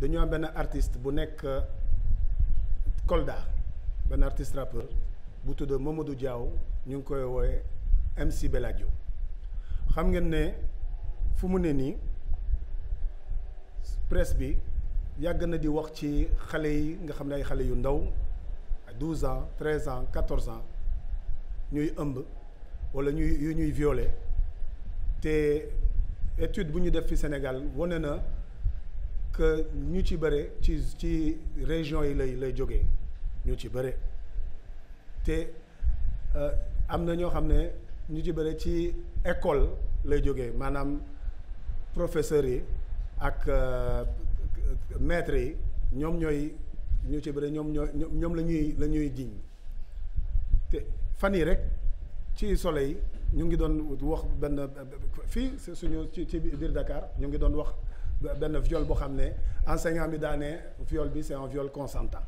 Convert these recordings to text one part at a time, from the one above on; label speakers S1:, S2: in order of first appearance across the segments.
S1: dañu am benn artiste bu nekk euh, Kolda benn artiste rappeur bu tudd Mamadou Diaw ñu ngi koy woowe MC Beladio xam ngeen ne fu mu ne nii presse bi yàgg na di wax ci xale yi nga xam ne ay xale yu ndaw douze ans treize ans quatorze ans ñuy ëmb wala ñuy ñuy violer te étude bu ñu def fi Sénégal wone na que ñu ci bëree ci ci région yi lay lay jógee ñu ci bëre te euh, am na ñoo xam ne ñu ci bëre ci école lay jógee maanaam professeurs yi ak euh, maîtres yi ñoom ñooy ñu ci bëre ñoom ñoom la ñuy la ñuy jiñ te fan yi rek ci yi ñu ngi doon wax benn fii suñu ci ci biir dakaar ñu ngi doon wax benn viol boo xam ne enseignant bi daa ne viol bi c'est un viol consentant.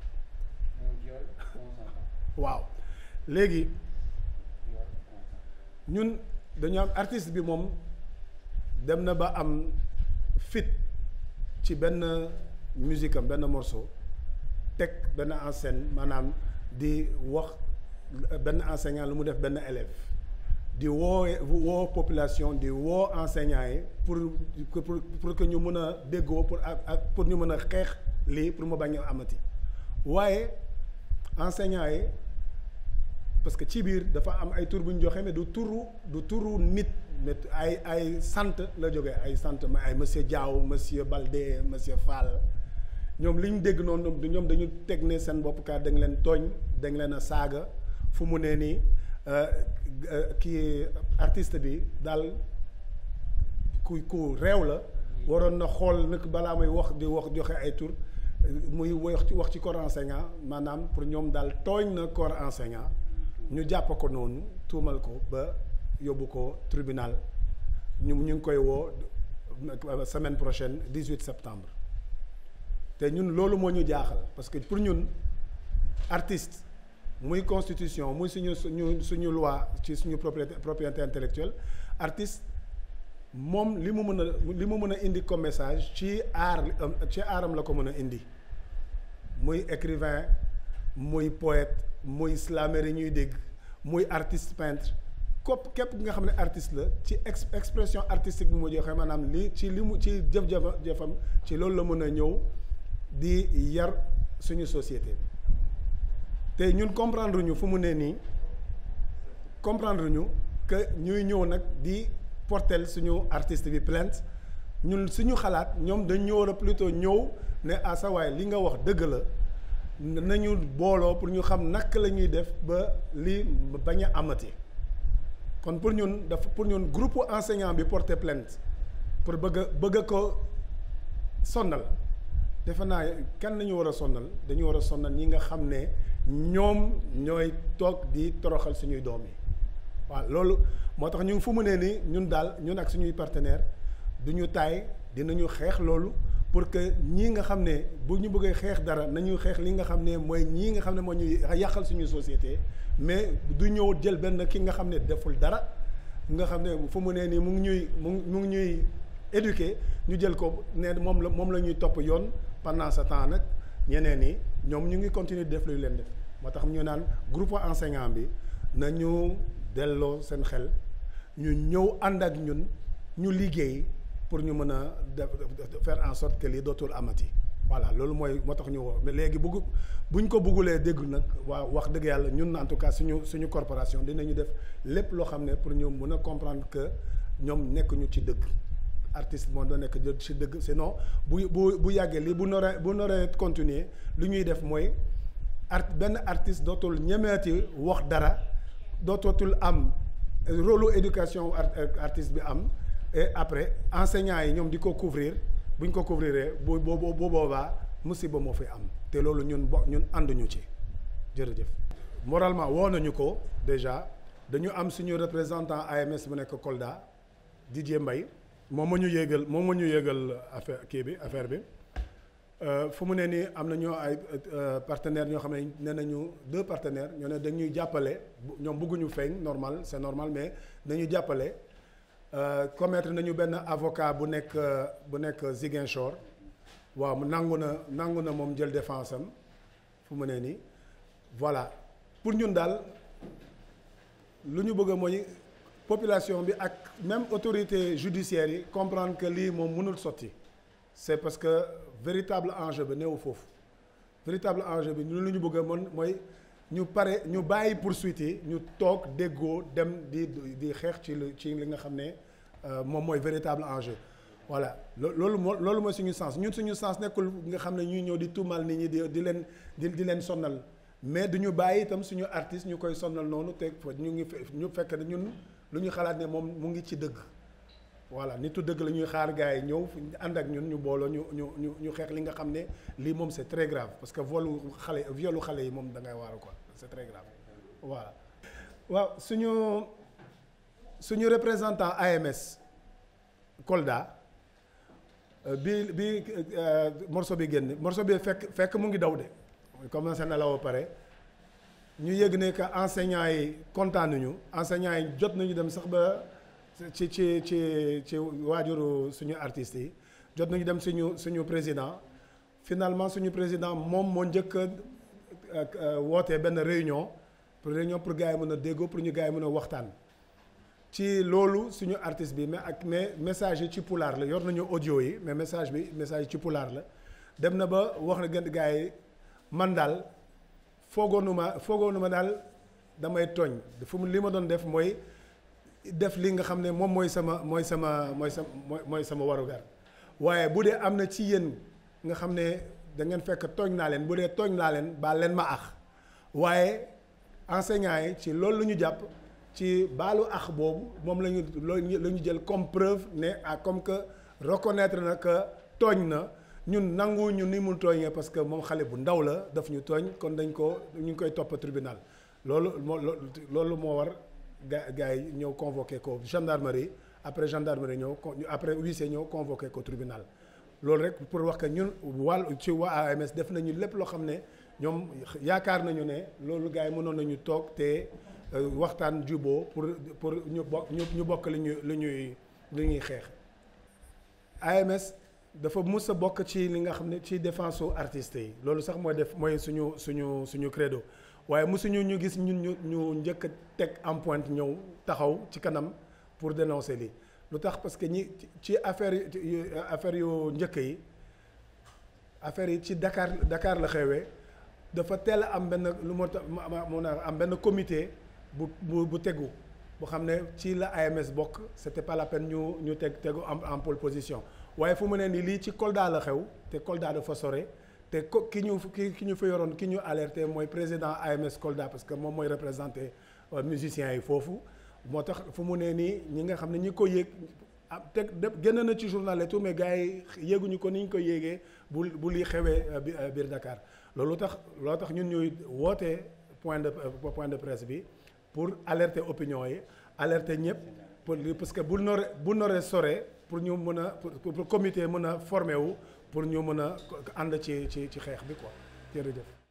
S1: waaw léegi ñun dañu am artiste bi moom dem na ba am fit ci benn musique benn morceau teg benn en scène maanaam di wax benn enseignant lu mu def benn élève. di woo woo population di woo enseignants yi pour pour pour que ñu mën a déggoo pour ak pour ñu mën a xeex lii pour mu bañ amati waaye enseignants yi parce que ci biir dafa am ay tur bu ñu joxe mais du turu du turu nit mais ay ay sant la jóge ay sant ma ay monsieur Diaw monsieur Baldé monsieur Fall ñoom li ñu dégg noonu ñoom dañu teg ne seen bopp kat dañ leen tooñ dañ leen a saaga fu mu nee nii. Euh, euh, kii artiste bi daal ku ku réew la waroon na xool nag balaa muy wax di wax joxe ay tour muy wax ci wax ci corps enseignant maanaam pour ñoom daal tooñ na corps enseignant ñu jàpp ko noonu tuumal ko ba yóbbu ko tribunal ñu ñu ngi koy woo semaine prochaine dix huit septembre te ñun loolu moo ñu jaaxal parce que pour ñun artiste muy constitution muy suñu suñu suñu loi ci suñu propriété propriété intellectuelle artiste moom li mu mën a li mu mën a indi comme message ci aar ci aaram la ko mën a indi muy écrivain muy poète muy slameur yi ñuy dégg muy artiste peintre kopp képp ki nga xam ne artiste la ci ex expression artistique bi mu joxe maanaam li ci li mu ci jëf-jëfam ci loolu la mën a ñëw di yar suñu société bi te ñun comprendre ñu fu mu ne nii comprendre ñu que ñuy ñëw nag di portel suñu artiste bi plainte ñun suñu xalaat ñoom dañ ñëw a plutôt ñëw ne à ah, sa li nga wax dëgg la nañu booloo pour ñu xam nak la ñuy def ba li bañ a amati kon pour ñun dafa pour ñun groupe enseignant bi porter plainte pour bëgg bëgg ko sonnal defe naa kan nañu war a sonnal dañu war a sonnal ñi nga xam ne ñoom ñooy toog di toroxal suñuy doom yi waaw loolu moo tax ñu fu mu nee ni ñun daal ñun ak suñuy partenaire du ñu taay dinañu xeex loolu pour que ñii nga xam ne bu ñu bëggee xeex dara nañu xeex li nga xam ne mooy ñii nga xam ne moo ñu yàqal suñu société mais du ñëw jël benn ki nga xam ne deful dara nga xam ne fu mu nee nii mu ngi ñuy mu ngi ñuy éduquer ñu jël ko ne moom la moom la ñuy topp yoon pendant ce temps nag ñeneen yi ñoom ñu ngi continuer def lu leen def moo tax ñu naan groupe enseignant bi na ñu delloo seen xel ñu ñëw ànd ak ñun ñu liggéey pour ñu mën a def faire en sorte que lii dootul amati. voilà loolu mooy moo tax ñu woo mais léegi bëgg bu ñu ko buggulee dégg nag waaw wax dëgg yàlla ñun en tout cas suñu suñu corporation dinañu def lépp loo xam ne pour ñu mun a comprendre que ñoom nekkuñu ci dëgg. artiste moo doon nekk jot ci dëgg sinon bu bu bu yàggee li bu noree bu noree continuer lu ñuy def mooy art benn artiste dootul ñemeeti wax dara dootul am rôle éducation artiste bi am et après enseignants yi ñoom di ko couvrir bu ñu ko couvriree bu boobu boobaa musiba moo fi am te loolu ñun bo ñun ànduñu ci jërëjëf. moralement woo nañu ko déjà dañu am suñu représentant AMS bu nekk Kolda Didier Mbaye moom ma ñu yégal moom ma ñu yéegal affaire kii bi affaire bi euh, fu mu nee nii am na ñoo ay euh, partenaires ñoo xam ne nee nañu deux partenaires ñoo ne dañuy jàppale ñoom bëgguñu feeñ normal c'est normal mais dañuy jàppale euh, commettre nañu benn avocat bu nekk bu nekk Ziguinchor waaw mu nangu na nangu na moom jël défense fu mu ne nii voilà pour ñun daal lu ñu bëgg mooy. population bi ak même autorité judiciaire yi comprendre que lii moom mënul sotti c'est parce que véritable enjeu ba néew foofu véritable enjeu bi ñun lu ñu bëgg a mën mooy ñu pare ñu bàyyi poursuite yi ñu toog déggoo dem di di xeex ci li ci li nga xam ne euh, moom mooy véritable enjeu voilà loolu moo loolu mooy suñu sens ñun suñu sens nekkul nga xam ne ñuy ñëw di tuumal nit ñi di di leen di di leen sonnal mais ñu bàyyi itam suñu artiste ñu koy sonnal noonu te ñu ngi ñu fekk ne ñun lu ñu xalaat ne moom mu ngi ci dëgg voilà nitu dëgg la ñuy xaar gars yi ñëw ànd ak ñun ñu booloo ñu ñu ñu ñu xeex li nga xam ne lii moom c'est très grave parce que volu xale violu xale yi moom dangay ngay waaru quoi c'est waa grave voilà waaw suñu suñu représentant AMS Kolda euh, bi bi euh, morso bi génn morso bi fekk fekk mu ngi daw de commencé na la woo pare ñu yëg ne que enseignants yi kontaan nañu enseignants yi jot nañu dem sax ba ci ci ci ci waajuru suñu artistes yi jot nañu dem suñu suñu président finalement suñu président moom moo njëkk a euh, euh, woote benn réunion pour réunion pour gars yi mën a déggoo pour ñu gars yi mën a waxtaan ci loolu suñu artiste bi mais ak mais message yi ci pulaar la yor nañu audio yi mais message bi message yi ci pulaar la dem na ba wax na gën gars yi man daal foogoonu ma foogoonu ma daal damay tooñ dafa mu li ma doon def mooy def li nga xam ne moom mooy sama mooy sama mooy sama mooy sama warugar waaye bu dee am na ci yéen nga xam ne da ngeen fekk tooñ naa leen bu dee tooñ naa leen baal leen ma ax waaye enseignants yi ci loolu la ñu jàpp ci baalu ax boobu moom la ñu la jël comme preuve ne ah comme que reconnaître na que tooñ na. ñun nangu ñu ni mu tooñee parce que moom xale bu ndaw la daf ñu tooñ kon dañ ko ñu ngi koy topp tribunal loolu moo loolu moo war ga gars yi ñëw convoqué ko gendarmerie après gendarmerie ñëw après huissier ñëw convoqué ko tribunal loolu rek pour wax que ñun wal ci waa AMS def nañu lépp loo xam ne ñoom yaakaar nañu ne loolu gars yi mënoon nañu toog te euh, waxtaan juboo pour pour ñu bokk ñu bokk li ñuy lu ñuy li ñuy xeex AMS dafa mus a bokk ci li nga xam ne ci défense su artistes yi loolu sax mooy def mooy suñu suñu suñu credo waaye mosuñu ñu gis ñun ñu ñu njëkk a teg en pointe ñëw taxaw ci kanam pour dénoncer lii lu tax parce que ñi ci affaire affaire yu njëkk yi affaire yi ci Dakar dakaar la xewee dafa teel am benn lu mu ma mun a am benn comité bu bu bu tegu boo xam ne ci la AMS bokk c'était pas la ñu ñu teg tegu en en pole position. waaye fu mu ne nii lii ci Kolda la xew te Kolda dafa sore te ko ki ñu ki ñu fi yoroon ki ñu alerté mooy président AMS Kolda parce que moom mooy représenté euh, musiciens yi foofu moo tax fu mu ne nii ñi nga xam ne ñi ko yéeg teg ah, te génn na ci journal et tout mais gars yi yéeguñu ko ni ñu ko yéegee bu bu lii xewee euh, euh, biir Dakar loolu tax loo tax ñun ñuy woote point de point de presse bi pour alerter opinion yi alerter ñëpp. pour parce que bu nore bu noree sore pour ñu mën a pour commité mën a formé wu pour ñu mën a ànd ci ci ci xeex bi quoi jërëjëf.